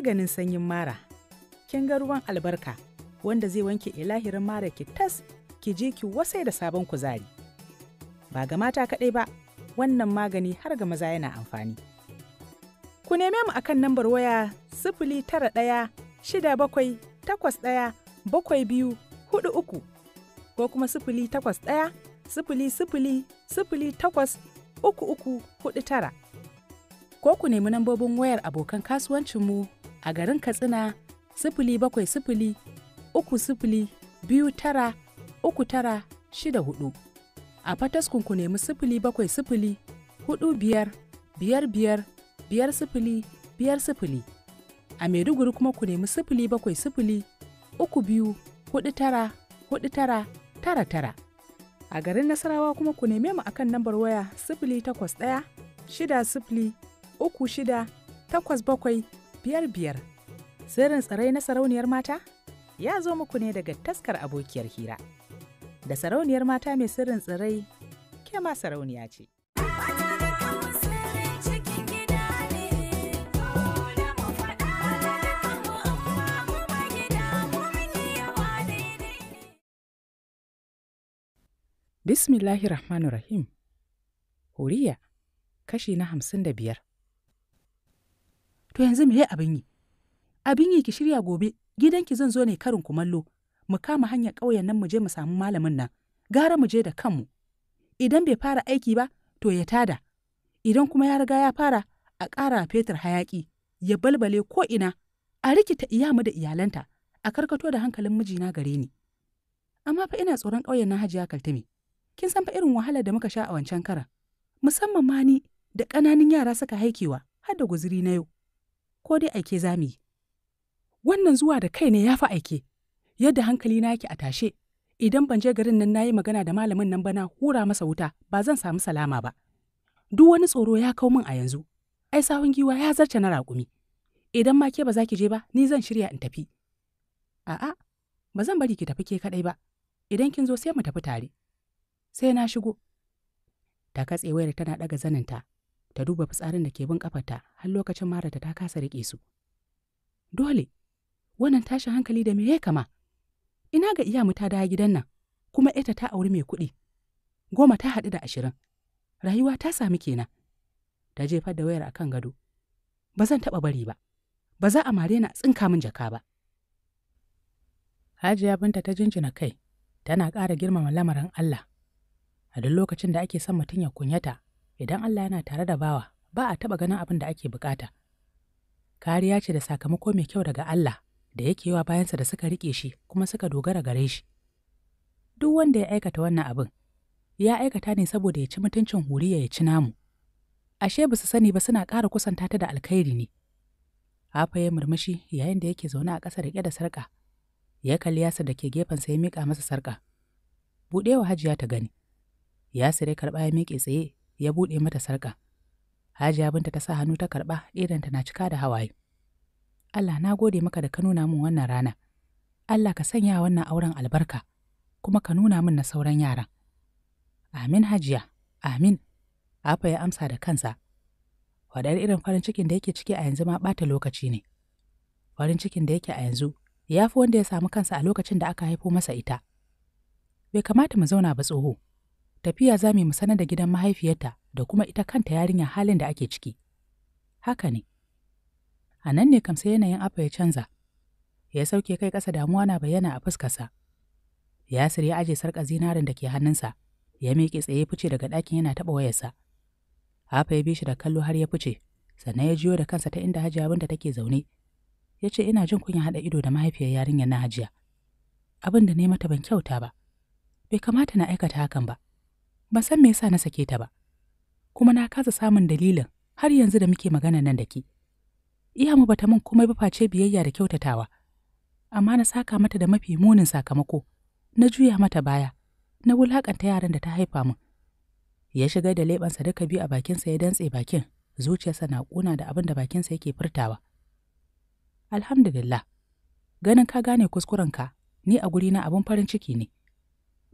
maganin sanyin mara kin ga ruwan albarka wanda zai wanke ilahirin mara ki tas ki je ki wasai da sabon kuzari ba ga mata kaɗai ba wannan magani har ga maza yana amfani ku neme mu akan nambar waya sifili tara ɗaya shida bakwai takwas ɗaya bakwai biyu hudu uku ko kuma sifili takwas ɗaya sifili sifili sifili takwas uku uku hudu tara ko ku nemi nambobin wayar abokan kasuwancinmu a garin Katsina sifili bakwai sifili uku sifili biyu tara uku tara shida hudu. A fataskun ku nemi sifili bakwai sifili hudu biyar biyar biyar biyar sifili biyar sifili. A Maiduguri kuma ku nemi sifili bakwai sifili uku biyu hudu tara hudu tara tara tara. A garin Nasarawa kuma ku neme mu akan lambar waya sifili takwas ɗaya shida sifili uku shida takwas bakwai biyar biyar sirrin tsirai na sarauniyar mata ya zo muku ne daga taskar abokiyar hira da sarauniyar mata mai sirrin tsirai ke sarauniya ce Bismillahi Bismillahirrahmanirrahim Huriya kashi na hamsin da biyar To yanzu me abin yi? Abin yi ki shirya gobe, gidanki zan zo ne karin kumallo, mu kama hanyar ƙauyen nan mu je mu samu malamin nan, gara mu je da kanmu. Idan bai fara aiki ba, to ya tada. Idan kuma ya riga ya fara, a ƙara fetur hayaƙi, ya balbale ko ina, a rikita iyamu da iyalanta, a karkato da hankalin mijina gare ni. Amma fa ina tsoron ƙauyen na Hajiya kaltami. Kin san fa irin wahalar da muka sha a wancan kara. Musamman ma ni da ƙananan yara suka haikewa har da guziri na yau. ko dai aike za mu yi. Wannan zuwa da kai ne ya fi aike, yadda hankali na yake a tashe, idan ban je garin nan na yi magana da malamin nan bana hura masa wuta ba zan samu salama ba. Duk wani tsoro ya kau min a yanzu, ai sawun giwa ya zarce na rakumi. Idan ma ke ba za ki je ba, ni zan shirya in tafi. A'a, ba zan bari ki tafi ke kaɗai ba, idan kin zo sai mu tafi tare. Sai na shigo. Ta katse wayar tana ɗaga zaninta, ta duba fitsarin da ke bin kafarta har lokacin marata ta kasa riƙe su. Dole, wannan tashin hankali da me ya kama? Ina ga iyamu ta dawo gidan nan, kuma ita ta auri mai kuɗi. Goma ta haɗu da ashirin. Rayuwa ta sami kenan. Ta jefa da wayar akan gado. Ba zan taɓa bari ba. Ba za a mare na tsinka min jaka ba. Hajiya binta ta jinjina kai, tana ƙara girmama lamarin Allah. A duk lokacin da ake son mutum ya kunyata, idan Allah yana tare da bawa ba a taɓa ganin abin da ake bukata. Kariya ce da sakamako mai kyau daga Allah da yake wa bayansa da suka riƙe shi kuma suka dogara gare shi. Duk wanda ya aikata wannan abin, ya aikata ne saboda ya ci mutuncin huriya ya ci namu. Ashe ba su sani ba suna ƙara kusanta ta da alkhairi ne. Hafa ya murmushi yayin da yake zaune a ƙasa riƙe da sarƙa. Ya kalli yasa da ke gefen gefensa ya miƙa masa sarƙa. Buɗewa hajiya ta gani. Yasir ya karɓa ya miƙe tsaye ya buɗe mata sarƙa. Hajiya binta ta sa hannu ta karɓa idanta na cika da hawaye. Allah na gode maka da ka nuna min wannan rana. Allah ka sanya wannan auren albarka, kuma ka nuna min na sauran yaran. Amin hajiya, amin. Afa ya amsa da kansa. Wadar irin farin cikin da yake ciki a yanzu ma ɓata lokaci ne. Farin cikin da yake a yanzu ya fi wanda ya samu kansa a lokacin da aka haifo masa ita. Bai kamata mu zauna ba tsoho, tafiya za mu sanar da gidan mahaifiyarta da kuma ita kanta yarinya halin da ake ciki. Haka ne. A nan ne kam sai yanayin Afa ya canza. Ya sauke kai ƙasa damuwa na bayyana a fuskarsa. Yasir ya aje sarƙa zinarin da ke hannunsa, ya miƙe tsaye fice daga ɗakin yana taɓa wayarsa. Afa ya bi shi da kallo har ya fice, sannan ya jiyo da kansa ta inda hajiya abinda take zaune. Ya ce ina jin kunya haɗa ido da mahaifiyar yarinyar na hajiya. Abin da ne mata ban kyauta ba. Bai kamata na aikata hakan ba. ban san me yasa na sake ta ba kuma na kasa samun dalilin har yanzu da muke magana nan da ki iya mu bata min komai ba face biyayya da kyautatawa amma na saka mata da mafi munin sakamako na juya mata baya na wulakanta yaran da ta haifa min ya shiga da leɓensa duka biyu a bakinsa ya dantse bakin zuciyarsa na ƙuna da abin da bakinsa yake furtawa alhamdulillah ganin ka gane kuskurenka ni a na abin farin ciki ne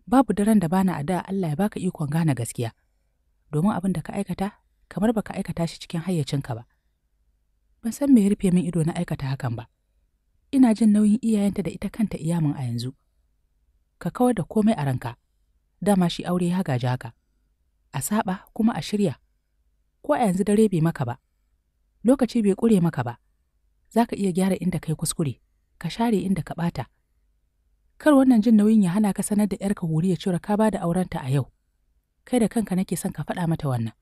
babu daren da bana da Allah ya baka ikon gane gaskiya domin abin da ka aikata kamar baka aikata shi cikin hayyacinka ba ban san me rufe min ido na aikata hakan ba ina jin nauyin iyayenta da ita kanta iyamin a yanzu ka kawar da komai a ranka dama shi aure ya gaji haka a saba kuma a shirya ko a yanzu dare bai maka ba lokaci bai ƙure maka ba za ka iya gyara inda kai kuskure ka share inda ka ɓata kar wannan jin nauyin ya hana ka sanar da ‘yarka huriya cewa ka ba da aurenta a yau, kai da kanka nake son ka faɗa mata wannan.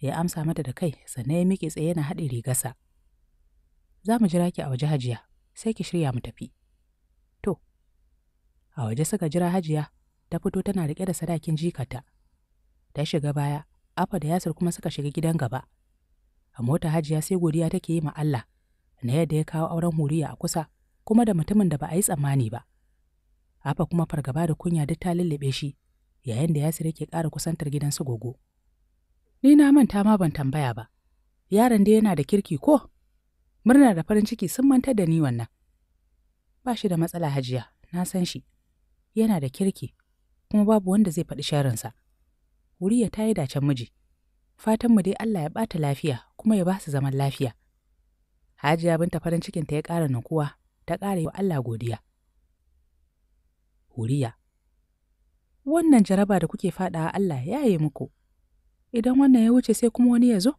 Ya amsa mata da kai sannan ya miƙe tsaye yana haɗe rigarsa. Za mu jira ki a waje hajiya, sai ki shirya mu tafi. To, a waje suka jira hajiya, ta fito tana riƙe da sadakin jikata. Ta shiga baya, Afa da Yasir kuma suka shiga gidan gaba. A mota hajiya sai godiya take yi ma Allah, na yadda ya kawo auren huriya a kusa, kuma da mutumin da ba a yi tsammani ba. afa kuma fargaba da kunya duk ta lullube shi, yayin da Yasir yake ƙara kusantar gidan su gogo. Ni na manta ma ban tambaya ba. Yaron dai yana da kirki ko? Murna da farin ciki sun manta da ni wannan. Ba shi da matsala hajiya, na san shi. Yana da kirki, kuma babu wanda zai faɗi sharinsa. Wuriya ta yi dacen miji. Fatanmu dai Allah ya bata lafiya kuma ya ba su zaman lafiya. Hajiya binta farin cikinta ya ƙara nukuwa, ta ƙara yi wa Allah godiya. uriya Wannan jaraba da kuke faɗa Allah ya yi muku, idan wannan ya wuce sai kuma wani ya zo?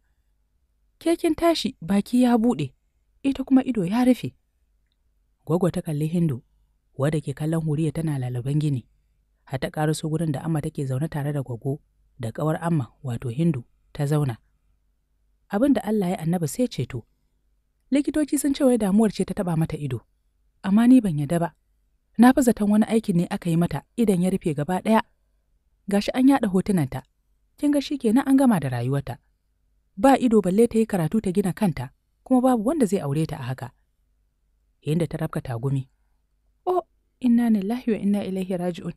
Kekin tashi baki ya buɗe, ita kuma ido ya rufe. Gwagwa ta kalli Hindu, wadda ke kallon huriya tana lalaban gini, hata su gurin da amma take zaune tare da gwaggo da ƙawar amma wato Hindu ta zauna. Abin da Allah ya annaba sai ceto. likitoci sun ce wai damuwar ce ta taɓa mata ido amma ni ban yadda ba Na fi zaton wani aikin ne aka yi mata idan ya rufe gaba ɗaya. Gashi an yaɗa hotunanta, kin ga shi kenan an gama da rayuwarta. Ba ido balle ta yi karatu ta gina kanta, kuma babu wanda zai aure ta a haka. Yayin da ta rabka tagumi. Oh, inna lillahi wa inna ilaihi raji'un.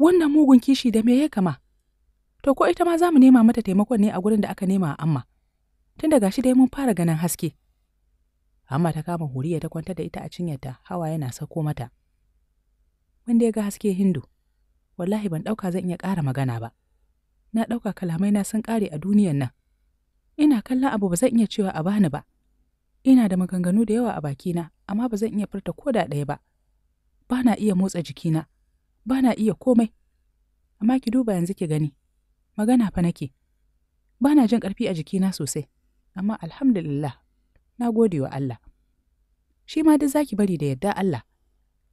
Wannan mugun kishi da me ya kama? To ko ita ma za mu nema mata taimakon ne a gurin da aka nema a amma. Tun da gashi dai mun fara ganin haske. Amma ta kama huriya ta kwantar da ita a cinyarta, hawa yana sako mata. wanda ya ga haske hindu wallahi ban ɗauka zan iya ƙara magana ba na ɗauka kalamai na sun ƙare a duniyan nan ina kallon abu ba zan iya cewa a bani ba ina da maganganu da yawa a bakina amma ba zan iya furta ko da ɗaya ba ba na iya motsa jikina ba na iya komai amma ki duba yanzu ki gani magana fa nake ba na jin ƙarfi a jikina sosai amma alhamdulillah na gode wa Allah shi ma duk zaki bari da yadda Allah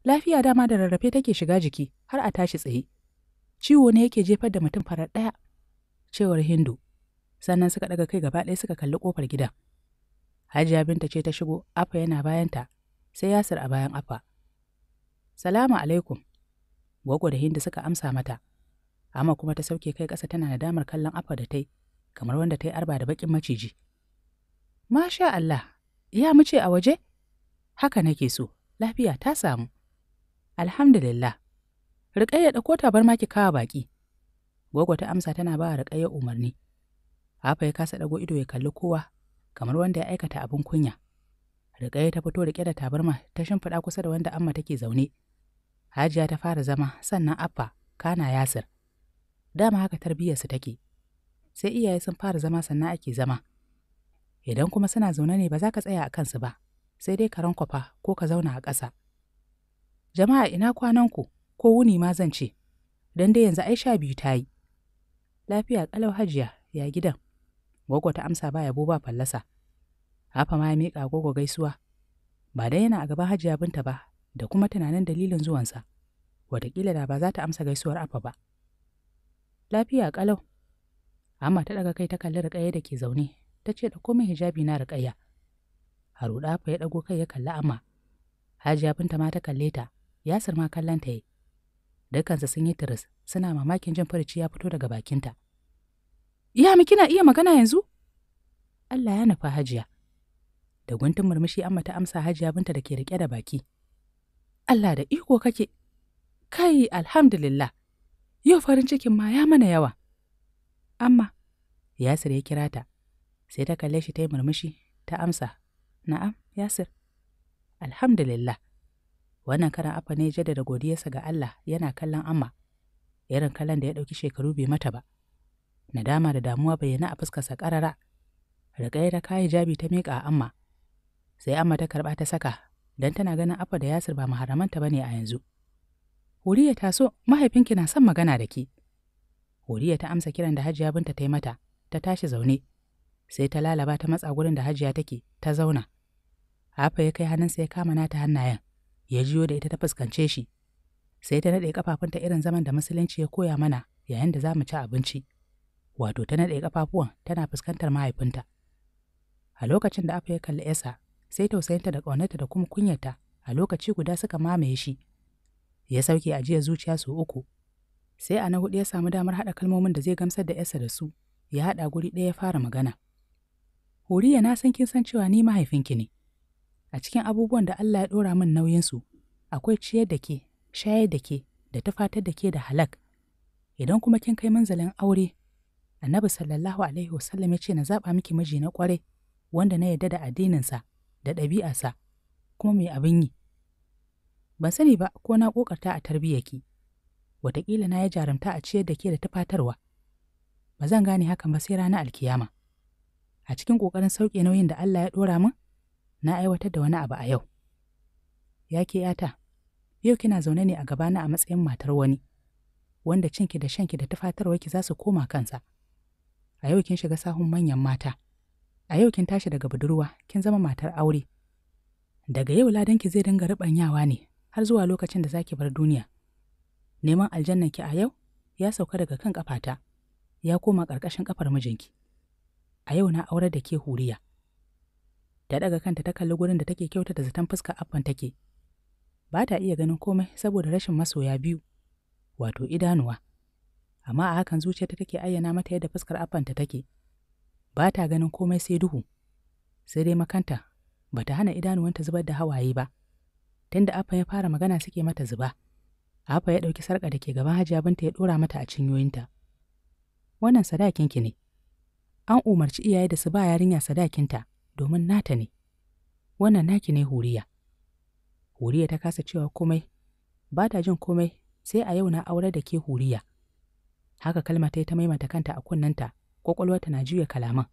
Lafiya dama da rarrafe take shiga jiki har a tashi tsaye. Ciwo ne yake jefar da mutum farar ɗaya, cewar Hindu. Sannan suka ɗaga kai gaba ɗaya suka kalli ƙofar gidan. Hajiya Binta ce ta shigo, Afa yana bayanta, sai Yasir a bayan Afa. Salamu alaikum. Gwaggo da Hindu suka amsa mata. Amma kuma ta sauke kai ƙasa tana nadamar kallon Afa da ta kamar wanda ta yi arba da baƙin maciji. Masha Allah, ya mu ce a waje? Haka nake so, lafiya ta samu. Alhamdulillah. ya ɗauko tabarma ki kawa baƙi. Gogo ta amsa tana ba Rikayya umarni. Hafa ya kasa ɗago ido ya kalli kowa, kamar wanda ya aikata abin kunya. Rikayya ta fito riƙe da tabarma ta shimfiɗa kusa da wanda Amma take zaune. Hajiya ta fara zama, sannan Abba kana Yasir. Dama haka tarbiyyarsu take. Sai iyaye sun fara zama sannan ake zama. Idan kuma suna zaune ne ba za ka tsaya a kansu ba, sai dai ka rankwafa ko ka zauna a ƙasa. Jama'a ina kwanan ku, ko wuni ma zan ce, don dai yanzu ai biyu ta yi. Lafiya kalau hajiya, ya gidan. gogo ta amsa ba yabo ba fallasa. Hafa ma ya miƙa gwaggo gaisuwa. Ba dai yana a gaban hajiya binta ba, da kuma tunanin dalilin zuwansa. Wataƙila da ba za ta amsa gaisuwar afa ba. Lafiya kalau Amma ta ɗaga kai ta kalli riƙaye da ke zaune, ta ce da komai hijabi na riƙayya. haru fa ya ɗago kai ya kalli amma. Hajiya binta ma ta kalle ta, Yasir ma kallon ta yi. Dukansu sun yi tiris, suna mamakin jin farici ya fito daga bakinta. Ya mi kina iya magana yanzu? Allah ya nufa hajiya. Da guntun murmushi amma ta amsa hajiya binta da ke riƙe da baki. Allah da iko kake. Kai alhamdulillah. Yau farin cikin ma ya mana yawa. Amma Yasir ya kira ta. Sai ta kalle shi ta yi murmushi ta amsa. Na'am, Yasir. Alhamdulillah. Wannan karan afa ne da godiyarsa ga Allah yana kallon amma, irin kallon da ya ɗauki shekaru bai mata ba. Nadama da damuwa bayyana a fuskarsa ƙarara. Riƙaye da kayi jabi ta miƙa a amma. Sai amma ta karɓa ta saka, don tana ganin afa da yasir ba maharamanta ba ne a yanzu. Huriya ta so, mahaifinki na son magana da ki. Huriya ta amsa kiran da hajiya binta ta yi mata, ta tashi zaune. Sai ta lalaba ta matsa gurin da hajiya take, ta zauna. Afa ya kai hannunsa ya kama nata hannayen. ya jiyo da ita ta fuskance shi sai ta naɗe kafafunta irin zaman da musulunci ya koya mana yayin da za mu ci abinci wato ta naɗe kafafuwan tana fuskantar mahaifinta a lokacin da afa ya kalli esa sai tausayinta da ƙaunarta da kuma kunyarta a lokaci guda suka mamaye shi ya sauke ajiyar zuciya su uku sai a na hudu ya samu damar haɗa kalmomin da zai gamsar da esa da su ya haɗa guri ɗaya ya fara magana huriya na san kin san cewa ni mahaifinki ne a cikin abubuwan da Allah ya ɗora min nauyinsu akwai ciyar da ke shayar da ke da tufatar da ke da halak idan kuma kin kai manzalin aure annabi sallallahu alaihi wasallam ya ce na zaɓa miki miji na ƙwarai wanda na yarda da addininsa da ɗabi'arsa kuma mai abin yi ban sani ba ko na ƙoƙarta a tarbiyyaki wataƙila na ya jarumta a ciyar da ke da tufatarwa ba zan gane hakan ba sai rana alkiyama a cikin ƙoƙarin sauƙe nauyin da Allah ya ɗora min na aiwatar da wani abu a yau. Ya ke yata, yau kina zaune ne a gabana a matsayin matar wani, wanda cinki da shanki da ki za su koma kansa. A yau kin shiga sahun manyan mata, a yau kin tashi daga budurwa, kin zama matar aure. Daga yau ladanki zai dinga riɓanyawa ne har zuwa lokacin da zaki bar duniya. Neman aljannan ki a yau ya sauka daga kan ƙafata, ya koma ƙarƙashin ƙafar mijinki. A yau na aurar da ke huriya. ta ɗaga kanta ta kalli gurin da take kyautata zaton fuska abban take. Ba ta iya ganin komai saboda rashin masoya biyu, wato idanuwa. Amma a hakan zuciyarta take ayyana mata yadda fuskar abbanta take. Ba ta ganin komai sai duhu, sai dai makanta, ba ta hana idanuwanta zubar da hawaye ba. Tunda Afa ya fara magana suke mata zuba. Afa ya ɗauki sarƙa da ke gaban hajiya binta ya ɗora mata a cinyoyinta. Wannan sadakinki ne. An umarci iyaye da su ba yarinya sadakinta. domin nata ne wannan naki ne huriya huriya ta kasa cewa komai ba ta jin komai sai a yau na aure da ke huriya haka kalma ta yi ta maimata kanta a kunnanta kwakwalwarta na juya kalaman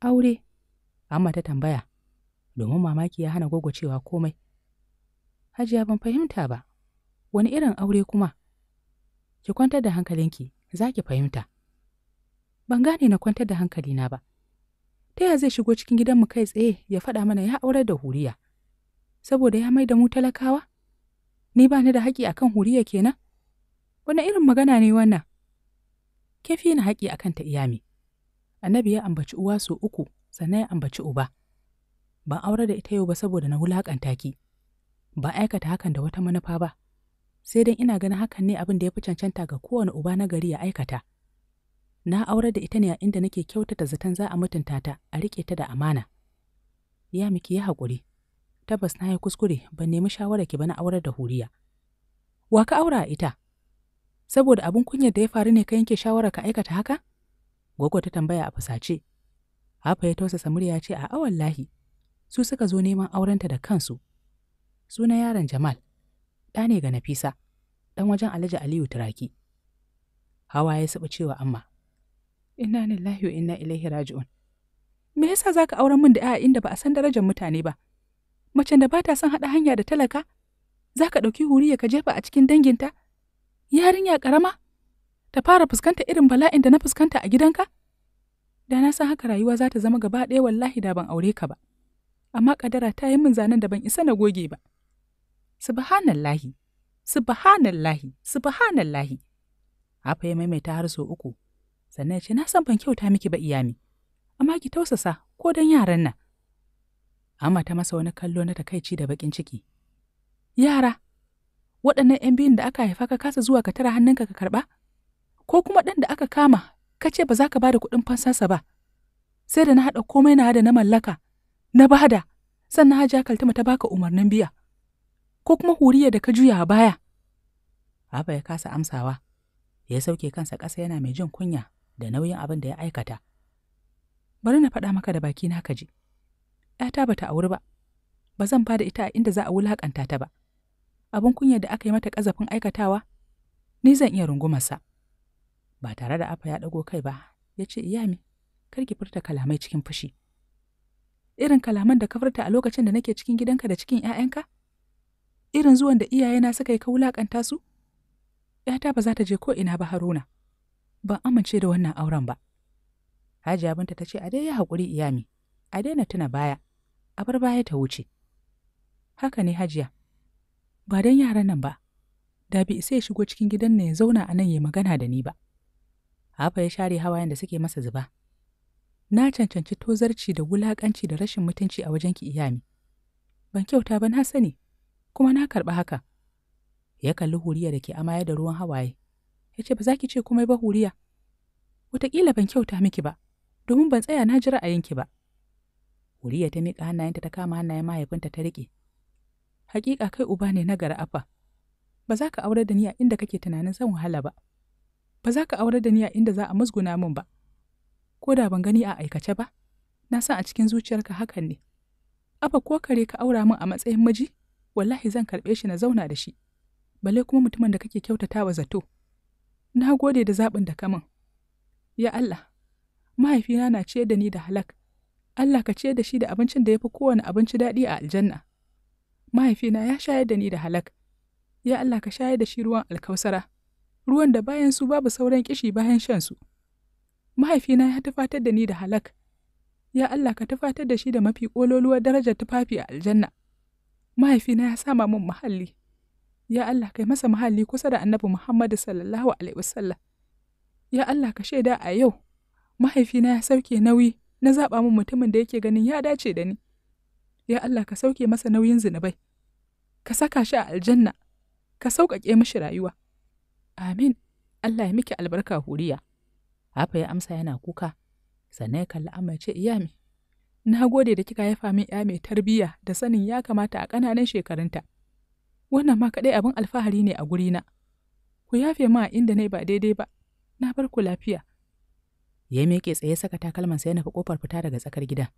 aure amma ta tambaya domin mamaki ya hana gwagwacewa cewa komai hajiya ban fahimta ba wani irin aure kuma ki kwantar da hankalinki za ki fahimta ban gane na kwantar da hankalina ba ta ya zai shigo cikin gidanmu kai tsaye ya faɗa mana ya aurar da huriya saboda ya mai da mu talakawa ni ba ni da haƙi akan huriya kenan wani irin magana ne wannan kin fi ni haƙi akan ta iyami annabi ya ambaci uwa so uku sannan ya ambaci uba ban aure da ita yau ba saboda na wulaƙanta ki ba aikata hakan da wata manufa ba sai dan ina ganin hakan ne abin da ya fi cancanta ga kowane uba na gari ya aikata na aure da ita ne a inda nake kyautata zaton za a mutunta ta a riƙe ta da amana. Ya miki ya haƙuri, tabbas na yi kuskure ban nemi shawara ki ba na aure da huriya. Wa ka aura ita? Saboda abin kunyar da ya faru ne ka yanke shawara ka aikata haka? Gogo ta tambaya a fusace. Hafa ya tausasa murya ce a awallahi su suka zo neman aurenta da kansu. Suna yaron Jamal, ɗa ne ga Nafisa, ɗan wajen Alhaji Aliyu Turaki. Hawa ya saba cewa amma, Inna lillahi wa inna ilaihi raji'un. Me yasa za ka auren min da ‘ya'a inda ba a san darajar mutane ba? Macen da ba ta son haɗa hanya da talaka? Za ka ɗauki huriya ka jefa a cikin danginta? Yarinya ƙarama? Ta fara fuskanta irin bala'in da na fuskanta a gidanka? Da na san haka rayuwa za ta zama gaba ɗaya wallahi da ban aure ka ba. Amma ƙadara ta yi min zanen da ban isa na goge ba. Subhanallahi, subhanallahi, subhanallahi. Afa ya maimaita har sau uku sannan ya ce na san ban kyauta miki ba iyami amma ki tausasa ko don yaran nan amma ta masa wani kallo na takaici da bakin ciki yara waɗannan 'yan biyun da aka haifa ka kasa zuwa ka tara hannunka ka karɓa ko kuma ɗan da aka kama ka ce ba za ka ba da kuɗin fansarsa ba sai da na haɗa komai na hada na mallaka na bada sannan hajiya kaltuma ta baka umarnin biya ko kuma huriya da ka juya a baya Haba ya kasa amsawa ya sauke kansa ƙasa yana mai jin kunya da nauyin abin da ya aikata. Bari na faɗa maka da baki na kaji. ‘Yata ba ta auri ba, ba zan ba da ita a inda za a wulaƙanta ta ba. Abin kunya da aka yi mata ƙazafin aikatawa, ni zan iya rungumarsa. Ba tare da afa ya ɗago kai ba, ya ce iyami, kar ki furta kalamai cikin fushi. Irin kalaman da ka furta a lokacin da nake cikin gidanka da cikin ‘ya'yanka? Irin zuwan da iyayena suka yi ka wulaƙanta su? ‘Yata ba za ta je ko ina ba Haruna. ban amince da wannan auren ba. Hajiya binta ta ce a dai ya haƙuri iyami, a daina tuna baya, a bar baya ta wuce. Haka ne hajiya, ba don yaran nan ba, da bi isa ya shigo cikin gidan na ya zauna a nan ya magana da ni ba. Hafa ya share hawayen da suke masa zuba. Na cancanci tozarci da wulaƙanci da rashin mutunci a wajen ki iyami. Ban kyauta ba na sani, kuma na karɓi haka. Ya kalli huriya da ke amaya da ruwan hawaye. ya ce ba za ki ce komai ba huriya wataƙila ban kyauta miki ba domin ban tsaya na ji ra'ayinki ba huriya ta miƙa hannayenta ta kama hannayen mahaifinta ta riƙe hakika kai uba ne na gari afa ba za ka aure da ni a inda kake tunanin zan wahala ba ba za ka aure da ni a inda za a musguna min ba ko da ban gani a aikace ba na san a cikin zuciyarka hakan ne afa ko kare ka aura min a matsayin miji wallahi zan karɓe shi na zauna da shi balle kuma mutumin da kake kyautatawa zato Na gode da zaɓin da kamun. Ya Allah, mahaifina na ciyar da ni da halak. Allah ka ciyar da shi da abincin da ya fi kowane abinci daɗi a aljanna. Mahaifina ya shayar da ni da halak. Ya Allah ka shayar da shi ruwan alkausara, ruwan da bayan su babu sauran kishi bayan shan su. Mahaifina ya tufatar da ni da halak. Ya Allah ka tufatar da shi da mafi ƙololuwar darajar tufafi a aljanna. Mahaifina ya sama min muhalli Ya Allah kai masa muhalli kusa da annabi Muhammadu sallallahu Alaihi wasallam. Ya Allah ka shaida a yau, mahaifina ya sauke nauyi na zaɓa min mutumin da yake ganin ya dace da ni. Ya Allah ka sauke masa nauyin zinubai, ka saka shi a aljanna, ka sauƙaƙe mishi rayuwa. Amin, Allah ya miki albarka huriya. Hafa ya amsa yana kuka, sannan ya kalli amma ce iya me. Na gode da kika haifa min ya mai tarbiyya da sanin ya kamata a ƙananan shekarunta. wannan ma kaɗai abin alfahari ne a gurina ku yafe ma inda na ba daidai ba na bar ku lafiya ya miƙe tsaye saka takalman ya nufi ƙofar fita daga tsakar gida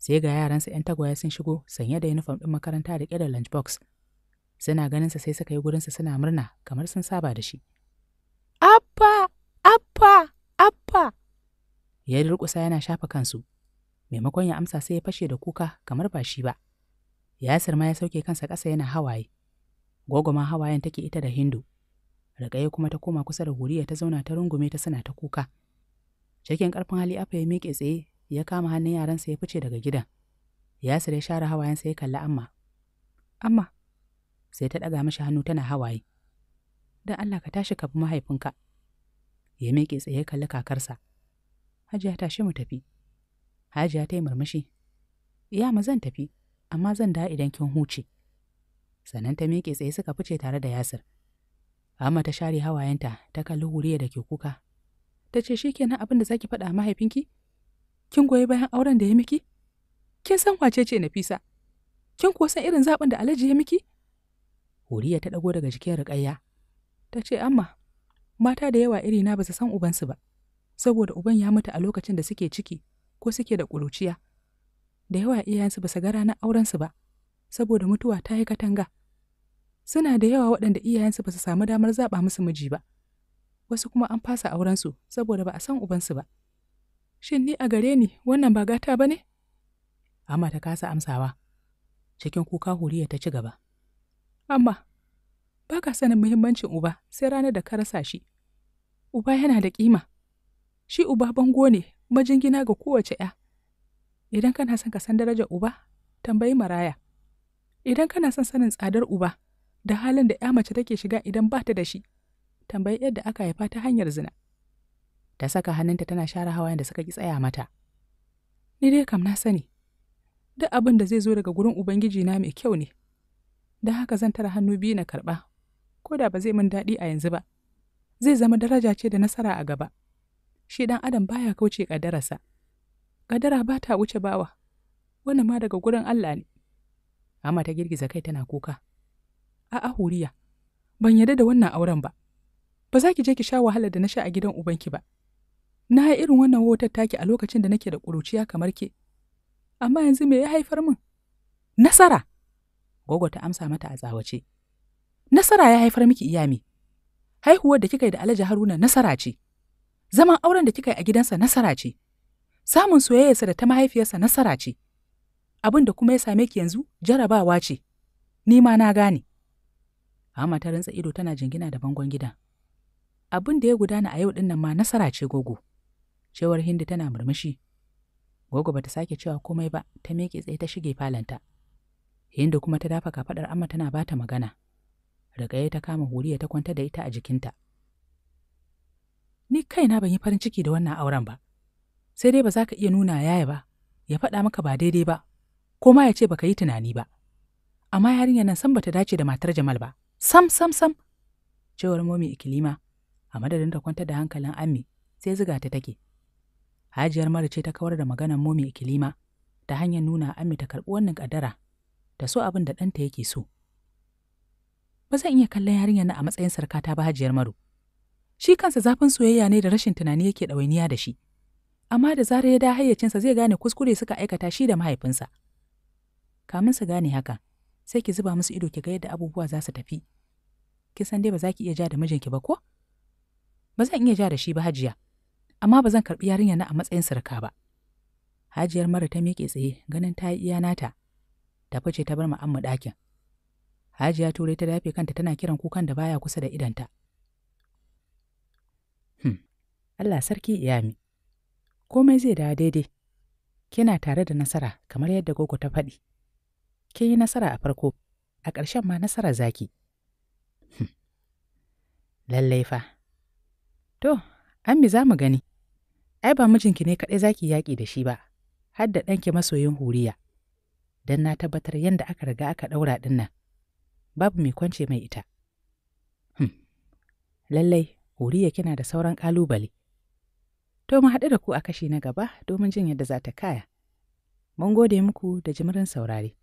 sai ga yaransa 'yan tagwaye sun shigo sanye da yunifom ɗin makaranta da da lunch box suna ganinsa sai suka yi gurinsa suna murna kamar sun saba da shi abba abba abba ya durƙusa yana shafa kansu maimakon ya amsa sai ya fashe da kuka kamar ba shi ba yasir ma ya sauke kansa ƙasa yana hawaye Gwagwama hawayen take ita da Hindu. Ragaye kuma ta koma kusa da guriya ta zauna ta rungume ta suna ta kuka. Cikin karfin hali afa ya miƙe tsaye ya kama hannun yaransa ya fice daga gidan. ya ya share hawayensa ya kalli amma. Amma sai ta ɗaga mashi hannu tana hawaye. dan Allah ka tashi ka bi mahaifinka. Ya miƙe tsaye ya kalli kakarsa. Hajiya tashi mu tafi. Hajiya ta yi murmushi. Iya ma zan tafi, amma zan da idan kin huce. sannan ta miƙe tsaye suka fice tare da Yasir. Amma ta share hawayenta ta kalli huriya da ke kuka. Ta ce shikenan abin da zaki faɗa mahaifinki? Kin goyi bayan auren da ya miki? Kin san wace ce Nafisa? Kin kuwa san irin zaɓin da Alhaji ya miki? Huriya ta ɗago daga jikin riƙayya. Ta ce amma mata da yawa irina ba su san ubansu ba, saboda uban ya mutu a lokacin da suke ciki ko suke da ƙuruciya. Da yawa iyayensu ba su ga ranar aurensu ba, saboda mutuwa ta yi katanga. Suna da yawa waɗanda iyayensu ba su samu damar zaɓa musu miji ba. Wasu kuma an fasa aurensu saboda ba a san ubansu ba. Shin ni a gare ni wannan ba gata ba ne? Amma ta kasa amsawa. Cikin kuka huriya ta ci gaba. Amma, ba ka sanin muhimmancin uba sai ranar da ka rasa shi. Uba yana da ƙima. Shi uba bango ne, majingina ga kowace ‘ya. Idan kana son ka san darajar uba, tambayi maraya. Idan kana son sanin tsadar uba, da halin da ‘ya mace take shiga idan ba ta da shi, tambayi yadda aka haifa ta hanyar zina. Ta saka hannunta tana share hawayen da suka ki tsaya mata. Ni dai kam na sani, duk abin da zai zo daga gurin Ubangiji na mai kyau ne, da haka zan tara hannu biyu na karɓa, ko da ba zai min daɗi a yanzu ba, zai zama daraja ce da nasara a gaba. Shi ɗan Adam baya kauce kadararsa ƙadara ba ta wuce bawa, wannan ma daga gurin Allah ne. Amma ta girgiza kai tana kuka. a'a huriya ban yarda da wannan auren ba ba za ki je ki sha wahala da na sha a gidan ubanki ba na yi irin wannan wotar taki a lokacin da nake da ƙuruciya kamar ke amma yanzu me ya haifar min nasara gogo ta amsa mata a zawace nasara ya haifar miki iyami haihuwar da kika yi da alhaji haruna nasara ce zaman auren da kika yi a gidansa nasara ce samun soyayyarsa da ta mahaifiyarsa nasara ce abin da kuma ya same ki yanzu jarabawa ce ni ma na gane amma ta rantsa ido tana jingina da bangon gidan. Abin da ya gudana a yau dinnan ma nasara ce gogo. Cewar Hindi tana murmushi. Gogo bata sake cewa komai ba, ta miƙe tsaye ta shige falanta. Hindi kuma ta dafa kafaɗar amma tana bata magana. Rigaye ta kama huriya ta kwanta da ita a jikinta. Ni kaina ban yi farin ciki da wannan auren ba. Sai dai ba za ka iya nuna yaya ba, ya faɗa maka ba daidai ba, ko ma ya ce baka yi tunani ba. Amma yarinyar nan san bata dace da matar Jamal ba. sam sam sam cewar momi ikilima a madadin ta kwantar da hankalin ammi sai ziga ta take hajiyar mara ce ta kawar da maganar momi ikilima ta hanyar nuna ammi ta karɓi wannan kadara ta so abin da ɗanta yake so ba zan iya kallon yarinyar na a matsayin sarkata ba hajiyar maro shi kansa zafin soyayya ne da rashin tunani yake ɗawainiya da shi amma da zarar ya da hayyacinsa zai gane kuskure suka aikata shi da mahaifinsa kamin su gane hakan sai ki zuba musu ido ki ga yadda abubuwa za su tafi kin san dai ba za ki iya ja da mijinki ba ko ba zan iya ja da shi ba hajiya amma ba zan karɓi yarinya na a matsayin sirka ba hajiyar mara ta miƙe tsaye ganin ta yi iya nata ta fice ta bar mu ɗakin hajiya turai ta dafe kanta tana kiran kukan da baya kusa da idanta hmm. allah sarki iyami komai zai dawo daidai kina tare da nasara kamar yadda gogo ta faɗi kin yi nasara a farko, a ƙarshen ma nasara zaki. Hmm. Lallai fa. To, an za mu gani. Ai ba mijinki ne kaɗai zaki yaƙi da shi ba, har da ɗanki masoyin huriya. Don na tabbatar yadda aka riga aka ɗaura ɗin nan, babu mai kwance mai ita. Hmm. Lallai, huriya kina da sauran ƙalubale. To mu haɗu da ku a kashi na gaba domin jin yadda za ta kaya. Mun gode muku da jimirin saurare.